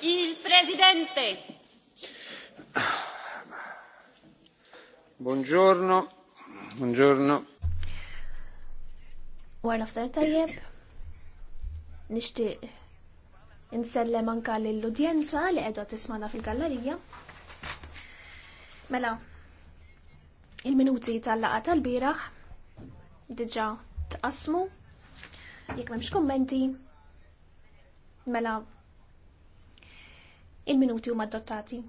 Il Presidente. Buongiorno, buongiorno. Warna f'sar tajjeb, nishtiq insellem anka l-udjenza li qiegħda tismana fil-gallerija. Mela, il-minuti tal laqgħa tal bieraħ diġà tqasmu, jekk m'hemmx kummenti, mela Il-minuti huma adottati.